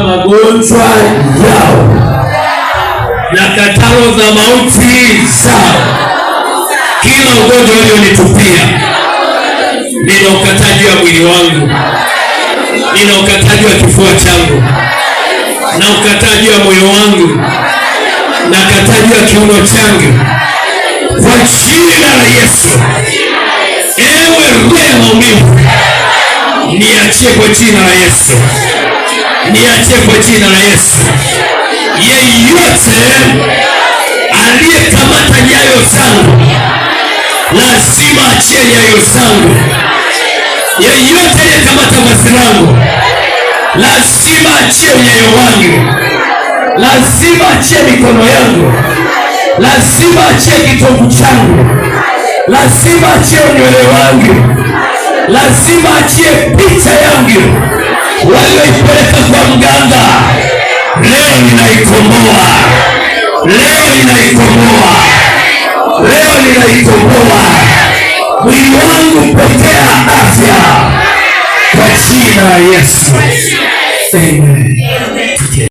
magonjwa yao na katalo za mauti zao. Kila ugonjwa ulionitupia, nina ukataji wa mwili wangu, nina ukataji wa kifua changu, na ukataji wa moyo wangu, na ukataji wa kiuno changu kwa jina la Yesu. Ewe roho ya maumivu, niachie kwa jina la Yesu niache kwa jina la Yesu. Yeyote aliyekamata nyayo zangu lazima achie nyayo zangu. Yeyote aliyekamata vazi langu lazima achie nyayo wangu, lazima achie mikono yangu, lazima achie kitovu changu, lazima achie nywele wangu, lazima achie picha yangu walioipeleka kwa mganga, leo ninaikomboa, leo ninaikomboa, leo ninaikomboa. Mwili wangu pokea afya kwa jina la Yesu. Amen.